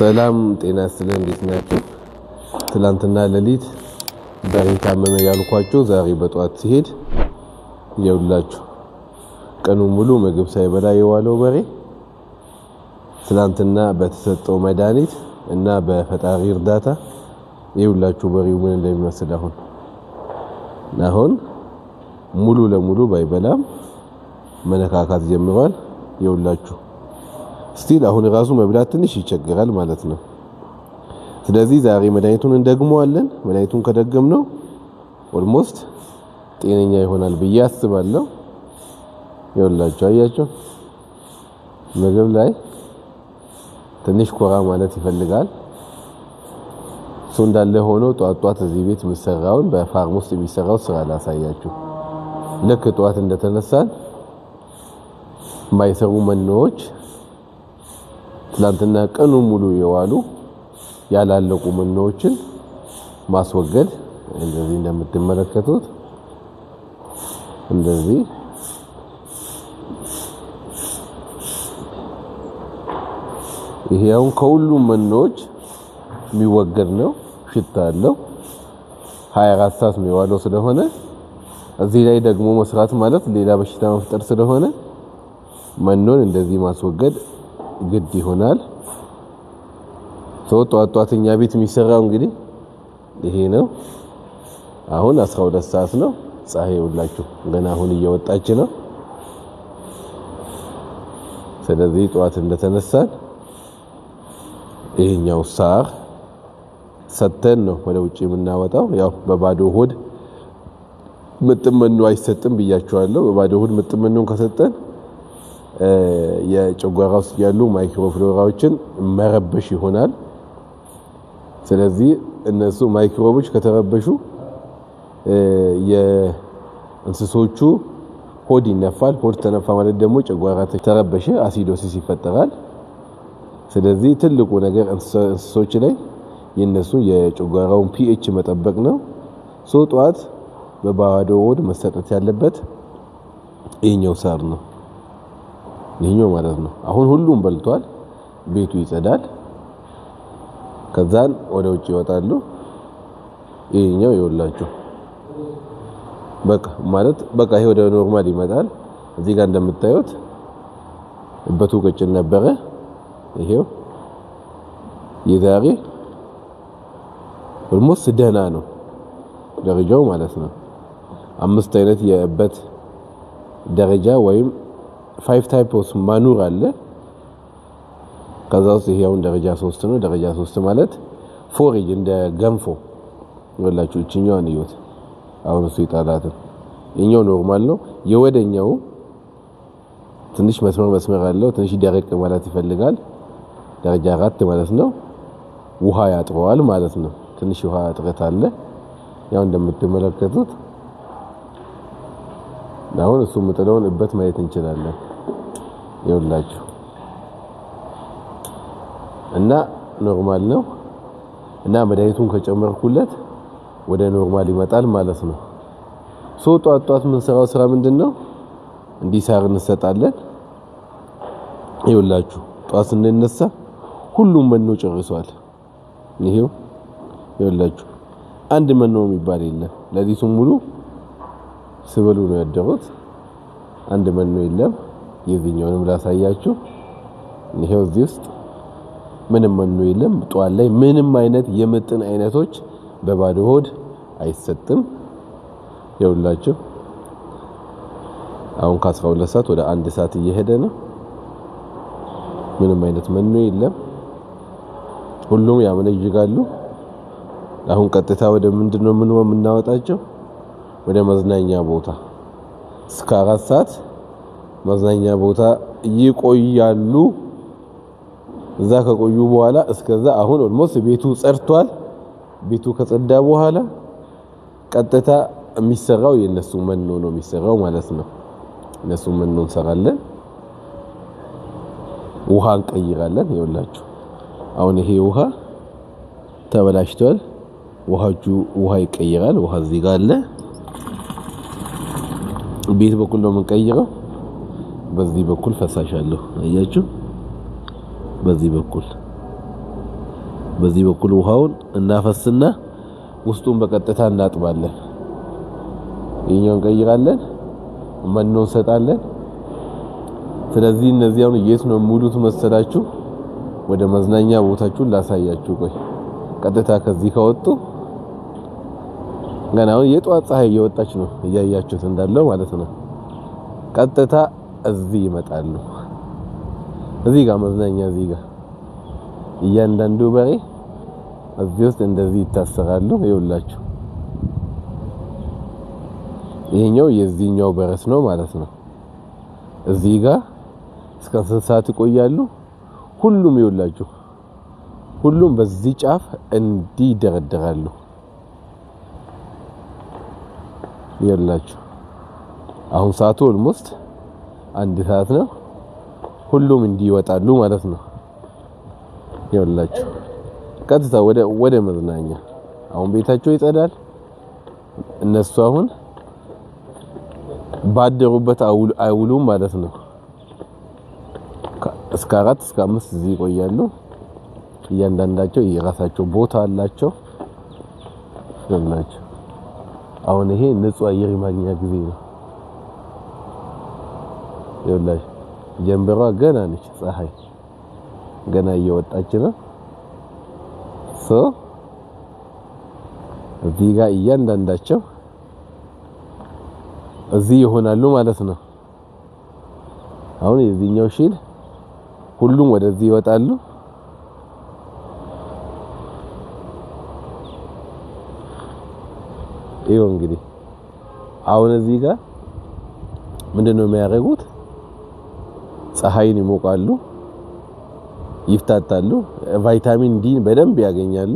ሰላም ጤና ስለ እንዴት ናችሁ? ትላንትና ሌሊት በሬ ታመመ ያልኳቸው ዛሬ በጠዋት ሲሄድ ይውላችሁ ቀኑን ሙሉ ምግብ ሳይበላ የዋለው በሬ ትላንትና በተሰጠው መድኃኒት እና በፈጣሪ እርዳታ ይውላችሁ በሬው ምን እንደሚመስል አሁን አሁን ሙሉ ለሙሉ ባይበላም መነካካት ጀምሯል። ይውላችሁ ስቲል አሁን ራሱ መብላት ትንሽ ይቸግራል ማለት ነው። ስለዚህ ዛሬ መድኃኒቱን እንደግመዋለን። መድኃኒቱን ከደግምነው ኦልሞስት ጤነኛ ይሆናል ብዬ አስባለሁ። ይወላችሁ አያችሁ፣ ምግብ ላይ ትንሽ ኮራ ማለት ይፈልጋል። እሱ እንዳለ ሆኖ ጧት ጧት እዚህ ቤት የምሰራውን በፋርም ውስጥ የሚሰራው ስራ ላሳያችሁ። ልክ ጧት እንደተነሳን ማይሰሩ መኖዎች ትላንትና ቀኑ ሙሉ የዋሉ ያላለቁ መኖዎችን ማስወገድ እንደዚህ እንደምትመለከቱት እንደዚህ ይሄ አሁን ከሁሉም መኖዎች የሚወገድ ነው። ሽታ አለው 24 ሰዓት የሚዋለው ስለሆነ እዚህ ላይ ደግሞ መስራት ማለት ሌላ በሽታ መፍጠር ስለሆነ መኖን እንደዚህ ማስወገድ ግድ ይሆናል። ጠዋት ጠዋት እኛ ቤት የሚሰራው እንግዲህ ይሄ ነው። አሁን 12 ሰዓት ነው። ፀሐይ ሁላችሁ ገና አሁን እየወጣች ነው። ስለዚህ ጠዋት እንደተነሳን ይሄኛው ሳር ሰተን ነው ወደ ውጭ የምናወጣው። ያው በባዶ ሆድ ምጥመኑ አይሰጥም ብያችኋለሁ። በባዶ ሆድ ምጥመኑን ከሰጠን የጨጓራ ውስጥ ያሉ ማይክሮፍሎራዎችን መረበሽ ይሆናል። ስለዚህ እነሱ ማይክሮቦች ከተረበሹ የእንስሶቹ ሆድ ይነፋል። ሆድ ተነፋ ማለት ደግሞ ጨጓራ ተረበሸ፣ አሲዶሲስ ይፈጠራል። ስለዚህ ትልቁ ነገር እንስሶች ላይ የእነሱ የጨጓራውን ፒኤች መጠበቅ ነው። ሶ ጠዋት በባዶ ሆድ መሰጠት ያለበት ይህኛው ሳር ነው። ይህኛው ማለት ነው። አሁን ሁሉም በልቷል። ቤቱ ይጸዳል። ከዛን ወደ ውጭ ይወጣሉ። ይህኛው ይወላችሁ በቃ ማለት በቃ ይሄ ወደ ኖርማል ይመጣል። እዚህ ጋር እንደምታዩት እበቱ ቀጭን ነበረ። ይሄው የዛሬ ኦልሞስት ደህና ነው ደረጃው ማለት ነው። አምስት አይነት የእበት ደረጃ ወይም ፋይቭ ታይፕ ኦፍ ማኑር አለ። ከዛ ውስጥ ይሄ ደረጃ ሶስት ነው። ደረጃ ሶስት ማለት ፎሬጅ እንደ ገንፎ ይበላችሁ። እችኛዋን እዩት። አሁን እሱ የጣላትን እኛው ኖርማል ነው። የወደኛው ትንሽ መስመር መስመር አለው። ትንሽ ደረቅ ማለት ይፈልጋል። ደረጃ አራት ማለት ነው። ውሃ ያጥረዋል ማለት ነው። ትንሽ ውሃ እጥረት አለ። ያው እንደምትመለከቱት አሁን እሱ ምጥለውን እበት ማየት እንችላለን። ይውላችሁ እና ኖርማል ነው እና መድኃኒቱን ከጨመርኩለት ወደ ኖርማል ይመጣል ማለት ነው። ሶ ጧት ጧት ምን ስራው ስራ ምንድነው? እንዲህ ሳር እንሰጣለን። ይውላችሁ ጧት ስንነሳ ሁሉም መኖ ጨርሷል። ይሄው ይውላችሁ አንድ መኖ የሚባል የለም። ለሊቱን ሙሉ ስበሉ ነው ያደሩት። አንድ መኖ የለም። የዚህኛውንም ላሳያችሁ። ይሄው እዚህ ውስጥ ምንም መኖ የለም። ጠዋት ላይ ምንም አይነት የምጥን አይነቶች በባዶ ሆድ አይሰጥም። ይኸውላችሁ አሁን ከ12 ሰዓት ወደ አንድ ሰዓት እየሄደ ነው። ምንም አይነት መኖ የለም። ሁሉም ያመነጅጋሉ። አሁን ቀጥታ ወደ ምንድነው ምን የምናወጣቸው ወደ መዝናኛ ቦታ እስከ አራት ሰዓት መዝናኛ ቦታ ይቆያሉ። እዛ ከቆዩ በኋላ እስከዛ አሁን ኦልሞስት ቤቱ ጸድቷል። ቤቱ ከጸዳ በኋላ ቀጥታ የሚሰራው የነሱ መኖ ነው የሚሰራው ማለት ነው። እነሱ መኖ እንሰራለን፣ ውሃ እንቀይራለን። ይኸውላችሁ አሁን ይሄ ውሃ ተበላሽቷል። ውሃጁ ውሃ ይቀይራል። ውሃ እዚህ ጋር አለ። ቤት በኩል ነው የምንቀይረው። በዚህ በኩል ፈሳሽ አለው። አያችሁ፣ በዚህ በኩል በዚህ በኩል ውሃውን እናፈስና ውስጡን በቀጥታ እናጥባለን። ይህኛውን እንቀይራለን፣ መኖ እንሰጣለን። ስለዚህ እነዚህ አሁን የት ነው ሙሉት መሰላችሁ? ወደ መዝናኛ ቦታችሁን ላሳያችሁ። ቆይ ቀጥታ ከዚህ ከወጡ ገና አሁን የጧት ፀሐይ እየወጣች ነው፣ እያያችሁት እንዳለው ማለት ነው ቀጥታ እዚህ ይመጣሉ። እዚህ ጋር መዝናኛ፣ እዚህ ጋር እያንዳንዱ በሬ እዚህ ውስጥ እንደዚህ ይታሰራሉ። ይውላችሁ ይሄኛው የዚህኛው በረስ ነው ማለት ነው። እዚህ ጋር እስከ ስንት ሰዓት ይቆያሉ? ሁሉም ይውላችሁ ሁሉም በዚህ ጫፍ እንዲህ ይደረደራሉ። ይላችሁ አሁን ሰዓቱ ኦልሞስት አንድ ሰዓት ነው። ሁሉም እንዲወጣሉ ማለት ነው። ይኸውላችሁ ቀጥታ ወደ ወደ መዝናኛ አሁን ቤታቸው ይጸዳል። እነሱ አሁን ባደሩበት አይውሉም ማለት ነው። እስከ አራት እስከ አምስት እዚህ ይቆያሉ። እያንዳንዳቸው የራሳቸው ቦታ አላቸው። ይኸውላችሁ አሁን ይሄ ንጹህ አየር የማግኛ ጊዜ ነው። ይኸውላችሁ ጀንበሯ ገና ነች፣ ፀሐይ ገና እየወጣች ነው። ሶ እዚህ ጋር እያንዳንዳቸው እዚህ ይሆናሉ ማለት ነው። አሁን የዚህኛው ሺል ሁሉም ወደዚህ ይወጣሉ። ይኸው እንግዲህ አሁን እዚህ ጋር ምንድን ነው የሚያደርጉት? ፀሐይን ይሞቃሉ፣ ይፍታታሉ፣ ቫይታሚን ዲን በደንብ ያገኛሉ።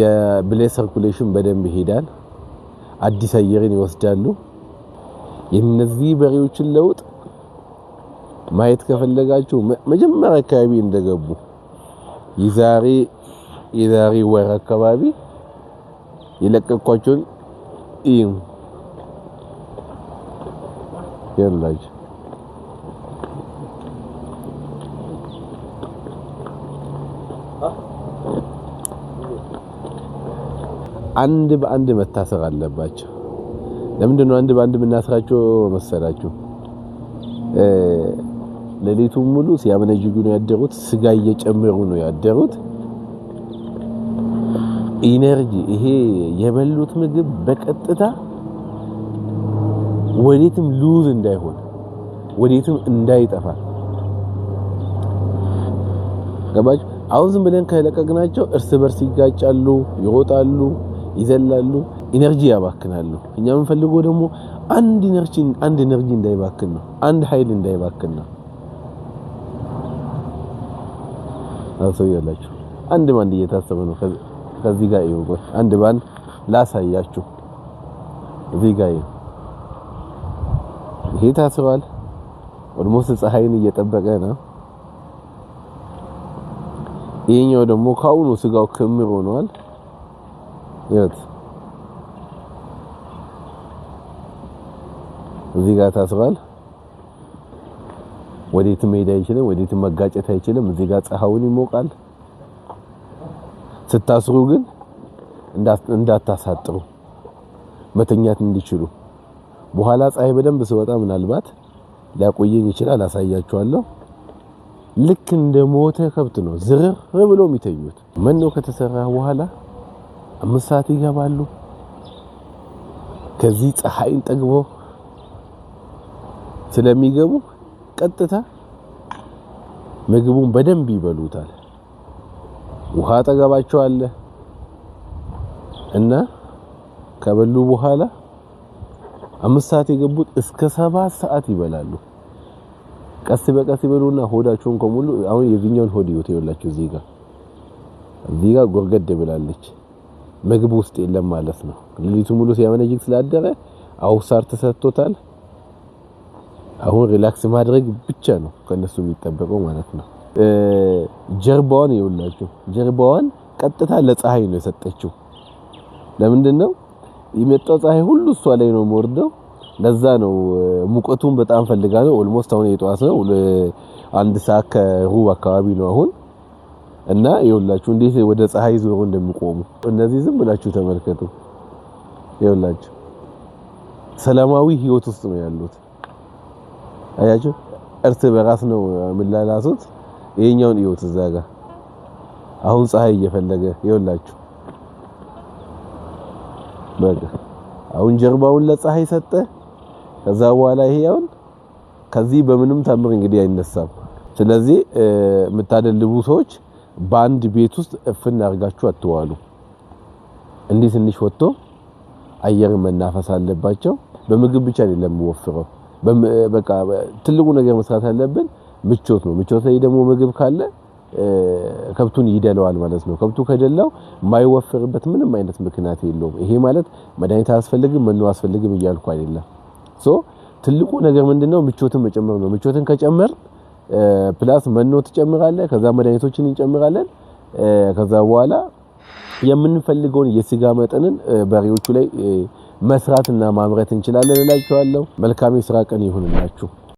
የብሌ ሰርኩሌሽን በደንብ ይሄዳል። አዲስ አየርን ይወስዳሉ። የነዚህ በሬዎችን ለውጥ ማየት ከፈለጋችሁ መጀመሪያ አካባቢ እንደገቡ የዛሬ የዛሬ ወር አካባቢ የለቀኳቸውን ይም አንድ በአንድ መታሰር አለባቸው። ለምንድን ነው አንድ በአንድ የምናስራቸው መሰላችሁ? ሌሊቱን ሙሉ ሲያመነጅጉ ነው ያደሩት። ስጋ እየጨመሩ ነው ያደሩት። ኢነርጂ ይሄ የበሉት ምግብ በቀጥታ ወዴትም ሉዝ እንዳይሆን ወዴትም እንዳይጠፋ ገባችሁ? አሁን ዝም ብለን ከለቀቅናቸው እርስ በርስ ይጋጫሉ፣ ይወጣሉ። ይዘላሉ፣ ኢነርጂ ያባክናሉ። እኛ የምንፈልገው ደግሞ አንድ ኢነርጂ አንድ ኢነርጂ እንዳይባክን ነው፣ አንድ ኃይል እንዳይባክን ነው። አሰው ያላችሁ አንድ ባንድ እየታሰበ ነው። ከዚህ ጋር ይሁን አንድ ባንድ ላሳያችሁ። እዚህ ጋር ይሁን ይሄ ታስሯል። ኦልሞስት ፀሐይን እየጠበቀ ነው። ይሄኛው ደግሞ ከአሁኑ ስጋው ክምር ሆኗል። ይኸውት እዚህ ጋር ታስሯል። ወዴትም መሄድ አይችልም። ወዴትም መጋጨት አይችልም። እዚህ ጋር ፀሐዩን ይሞቃል። ስታስሩ ግን እንዳታሳጥሩ መተኛት እንዲችሉ በኋላ ፀሐይ በደንብ ስወጣ ምናልባት ሊያቆየኝ ይችላል። አሳያችኋለሁ። ልክ እንደ ሞተ ከብት ነው ዝርር ብሎ የሚተኙት። መኖ ከተሰራ በኋላ አምስት ሰዓት ይገባሉ። ከዚህ ፀሐይን ጠግቦ ስለሚገቡ ቀጥታ ምግቡን በደንብ ይበሉታል። ውሃ አጠገባቸው አለ እና ከበሉ በኋላ አምስት ሰዓት የገቡት እስከ ሰባት ሰዓት ይበላሉ። ቀስ በቀስ ይበሉና ሆዳቸውን ከሙሉ አሁን የዚህኛውን ሆድ ይወት ይወላችሁ እዚህ ጋር እዚህ ጋር ጎርገድ ብላለች። ምግብ ውስጥ የለም ማለት ነው። ሌሊቱ ሙሉ ሲያመነጅግ ስላደረ አውሳር ተሰጥቶታል። አሁን ሪላክስ ማድረግ ብቻ ነው ከነሱ የሚጠበቀው ማለት ነው። ጀርባዋን ይውላችሁ፣ ጀርባዋን ቀጥታ ለፀሐይ ነው የሰጠችው። ለምንድን ነው የመጣው ፀሐይ ሁሉ እሷ ላይ ነው የምወርደው። ለዛ ነው ሙቀቱን በጣም ፈልጋ ነው። ኦልሞስት አሁን የጠዋት ነው አንድ ሰዓት ከሩብ አካባቢ ነው አሁን እና ይኸውላችሁ እንዴት ወደ ፀሐይ ዞሮ እንደሚቆሙ እነዚህ ዝም ብላችሁ ተመልከቱ። ይኸውላችሁ ሰላማዊ ህይወት ውስጥ ነው ያሉት። አያችሁ እርስ በራስ ነው የምላላሱት። ይሄኛውን ህይወት እዛ ጋር አሁን ፀሐይ እየፈለገ ይኸውላችሁ በቃ አሁን ጀርባውን ለፀሐይ ሰጠ። ከዛ በኋላ ይሄ አሁን ከዚህ በምንም ታምር እንግዲህ አይነሳም። ስለዚህ የምታደልቡ ሰዎች በአንድ ቤት ውስጥ እፍን አድርጋችሁ አትዋሉ። እንዲህ ትንሽ ወጥቶ አየር መናፈስ አለባቸው። በምግብ ብቻ አይደለም ወፍረው፣ በቃ ትልቁ ነገር መስራት ያለብን ምቾት ነው። ምቾት ላይ ደግሞ ምግብ ካለ ከብቱን ይደለዋል ማለት ነው። ከብቱ ከደላው የማይወፍርበት ምንም አይነት ምክንያት የለውም። ይሄ ማለት መድኃኒት አያስፈልግም መኖ አያስፈልግም እያልኩ አይደለም። ሶ ትልቁ ነገር ምንድነው? ምቾትን መጨመር ነው። ምቾትን ከጨመር ፕላስ መኖ ትጨምራለህ፣ ከዛ መድኃኒቶችን እንጨምራለን። ከዛ በኋላ የምንፈልገውን የስጋ መጠንን በሬዎቹ ላይ መስራትና ማምረት እንችላለን እላችኋለሁ። መልካም የስራ ቀን ይሁንላችሁ።